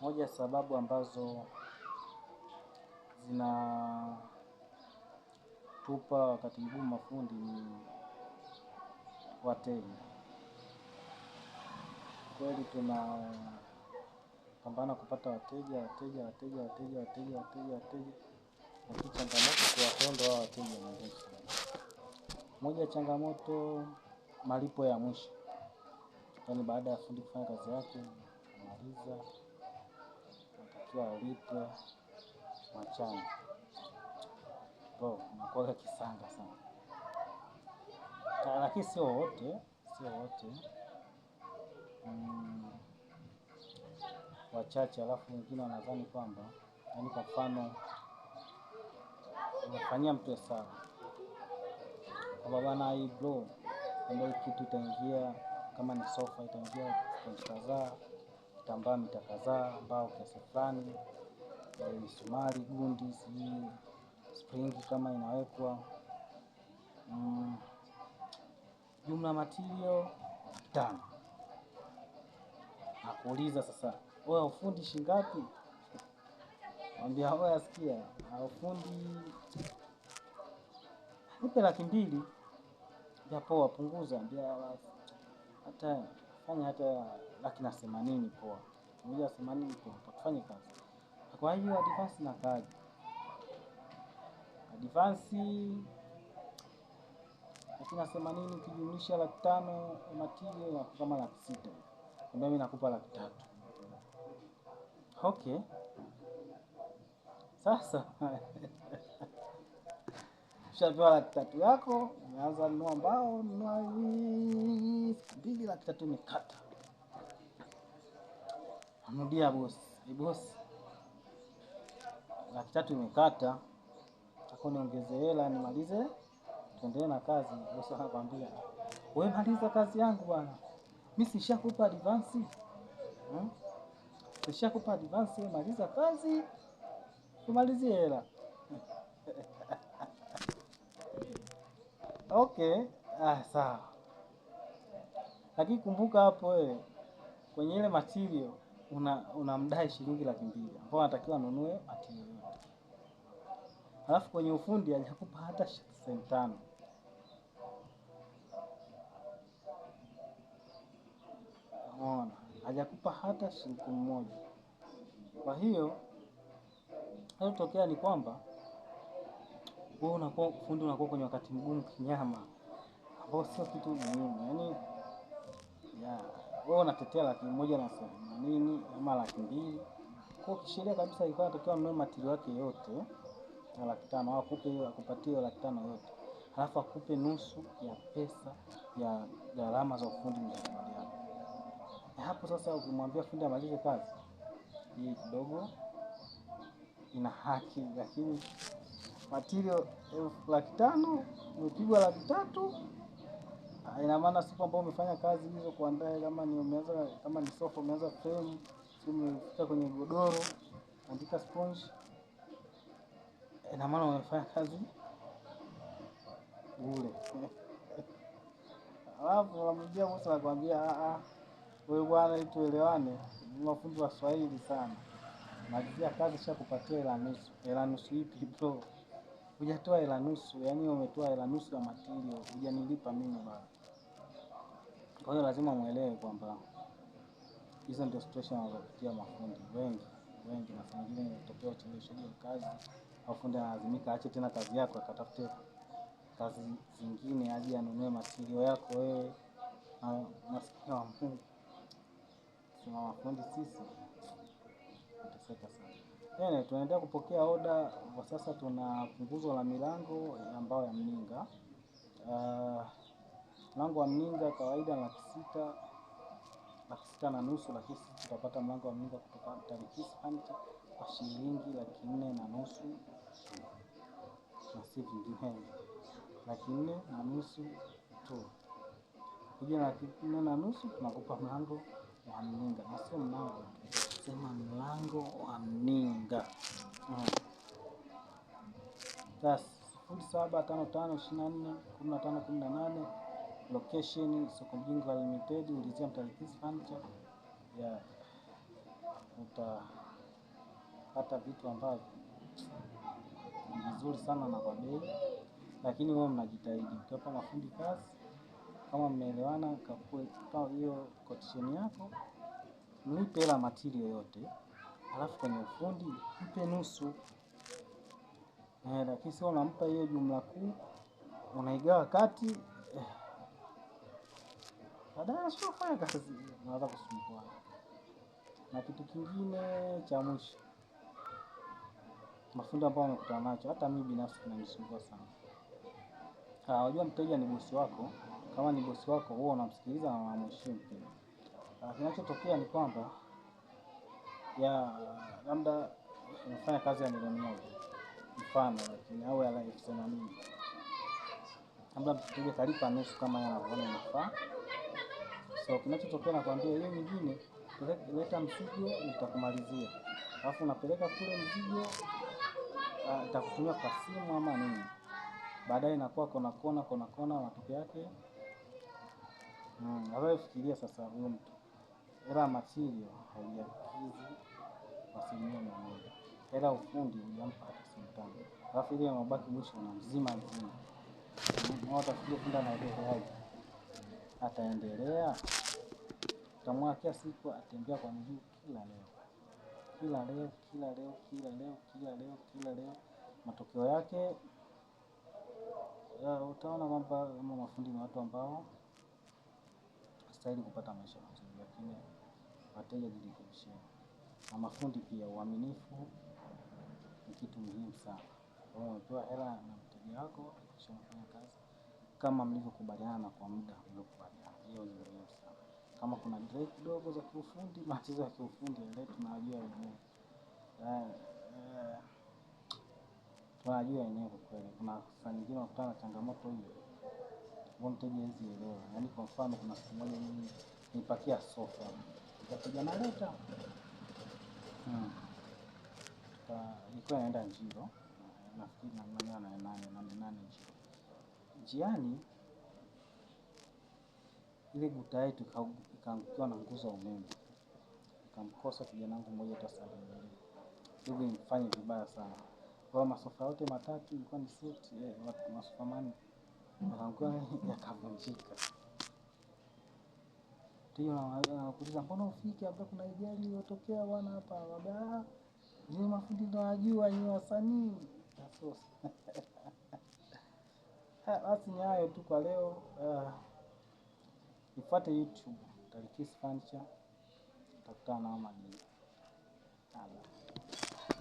moja ya sababu ambazo zinatupa wakati mgumu mafundi ni wateja. Kweli tunapambana kupata wateja, wateja, wateja, wateja, wateja, wateja, wateja, lakini changamoto kuwaponda hao wateja marefu. Moja ya changamoto malipo ya mwisho, yaani baada ya fundi kufanya kazi yake maliza kila lita machani. Bro, nakuaga kisanga sana. Lakini sio wote, sio wote. Mm, wachache alafu wengine wanadhani kwamba yani kwa mfano unafanyia mtu hesabu kwamba bana, hii bro, ambayo kitu itaingia kama ni sofa itaingia kadhaa kitambaa mita kadhaa, mbao kiasi fulani, eh, misumari, gundi, sijui springi kama inawekwa mm, jumla material tano. Nakuuliza sasa, wewe ufundi shingapi? Mwambia wewe, asikia ufundi nipe laki mbili, japo wapunguza, ambia hata kufanya hata laki na themanini poa, moja themanini poa, tukafanya kazi. Kwa hiyo advansi na kaji advansi laki na themanini ukijumlisha laki tano material na kama laki sita, ndio mimi nakupa laki tatu. Okay, sasa ushapewa laki tatu yako Nimeanza nunua mbao, nunua mbili laki tatu imekata. amudia bosi, e bosi, laki tatu imekata, ako niongeze hela nimalize, tuendelee na kazi. Bosi anakwambia we maliza kazi yangu bwana, mi sishakupa advansi hmm? Sishakupa advansi, maliza kazi umalizie hela. Okay, ah, sawa. Lakini kumbuka hapo wewe eh, kwenye ile material una unamdai shilingi laki mbili ambao anatakiwa anunue material. Alafu kwenye ufundi hajakupa hata senti tano. Unaona? Hajakupa hata shilingi moja. Kwa hiyo, hayo tokea ni kwamba wewe unakuwa fundi, unakuwa kwenye wakati mgumu kinyama, ambao sio kitu muhimu. Yani wewe unatetea laki moja na themanini ama laki mbili kwa kisheria kabisa, ilikuwa inatakiwa mnunue matiri wake yote na laki tano, au akupe akupatie laki tano yote, halafu akupe nusu ya pesa ya gharama za ufundi mzaliano. Hapo sasa ukimwambia fundi amalize kazi hii kidogo ina haki lakini material elfu laki tano umepigwa laki tatu ah, ina maana siku ambayo umefanya kazi hizo kuandaa, kama ni umeanza kama ni sofa umeanza frame, umefika kwenye godoro, andika sponge, ina maana umefanya kazi bure. Alafu namjia Musa nakwambia, a ah, ah, wewe bwana, tuelewane, mafundi wa Swahili sana, malizia kazi, shakupatia kupatia nusu. Hela nusu ipi bro? hujatoa hela nusu, yani umetoa hela nusu ya material, hujanilipa mimi bado. Kwa hiyo lazima muelewe kwamba hizo ndio situation wanazopitia mafundi wengi wengi, na wengine inatokea ucheleweshaji wa kazi, mafundi analazimika aache tena kazi yako akatafute kazi zingine, aje anunue material yako wewe. Nasikia wa Mungu, sima mafundi sisi tunateseka sana. Then tunaendelea kupokea oda kwa sasa, tuna punguzo la milango ambayo ya mninga. Uh, mlango wa mninga kawaida laki sita laki sita na nusu, lakini sisi tutapata mlango wa mninga kutoka Tarikisi Furniture kwa shilingi laki nne na nusu na si vinginevyo laki nne na nusu tu. Kuja laki nne na nusu tunakupa mlango wa mninga na sio mlango Tunasema mlango wa mninga. sifuri saba tano tano ishirini na nne kumi na tano kumi na nane location soko Mjingwa Limited, ulizia Mtalikizi Furniture ya utapata vitu ambavyo ni vizuri sana na kwa bei, lakini wewe mnajitahidi ukiwapa mafundi kazi, kama mmeelewana, hiyo kotisheni yako mlipe hela material yote, alafu kwenye ufundi mpe nusu eh, lakini sio unampa hiyo jumla kuu unaigawa kati eh. Baadaye sio fanya kazi, unaweza kusumbua. Na kitu kingine cha mwisho, mafundi ambao wamekutana nacho, hata mimi binafsi kunanisumbua sana. Ah, unajua mteja ni bosi wako, kama ni bosi wako huwa unamsikiliza na unamheshimu pia kinachotokea ni kwamba ya labda unafanya kazi ya milioni moja mfano, lakini au ya elfu themanini labda mteja kalipa nusu kama yanavyoona inafaa. So kinachotokea nakwambia, hiyo nyingine leta mzigo nitakumalizia, alafu unapeleka kule mzigo ah, itakutumia kwa simu ama nini, baadaye inakuwa kona kona kona kona, matokeo yake. Hmm, fikiria sasa huyo mtu hela material haijakizi kwa asilimia mia moja, ila ufundi hujampa hata asilimia Alafu ile mabaki mwisho na mzima mzima atakuja kunda na naeleaji, ataendelea tamua kila siku atembea kwa miguu kila leo kila leo kila leo kila leo kila leo kila leo, matokeo yake ya utaona kwamba mafundi ni watu ambao stahili kupata maisha mazuri lakini wateja kujirekebishia, na mafundi pia. Uaminifu ni kitu muhimu sana. Kwa hiyo umepewa hela na mteja wako, hakikisha unafanya kazi kama mlivyokubaliana na kwa muda mliokubaliana. Hiyo ni muhimu sana. Kama kuna delay kidogo za kiufundi, matatizo ya kiufundi ndio tunajua wenyewe eh, eh, tunajua wenyewe kwa kweli. Kuna saa nyingine unakutana na changamoto hiyo, huo mteja hawezi elewa. Yaani, kwa mfano, kuna siku moja mimi nipakia sofa nikapiga maleta hmm. nilikuwa naenda Njiro, nafikiri na nane nane nane Njiro. Njiani ile guta yetu ikaangukiwa na nguzo ya umeme, ikamkosa kijana wangu mmoja tasalili dugu nifanye vibaya sana kwa masofa yote matatu ilikuwa ni suti eh, masofa manne yakaangukiwa yakavunjika. Tukio la kuuliza mbona ufike hapa, kuna ajali iliyotokea bwana hapa baba. Ni ah, mafundi ndio wajua, ni wasanii nasosi. Basi ni hayo tu kwa leo. Uh, ah, ifuate YouTube Talikisi Furniture, utakutana na mama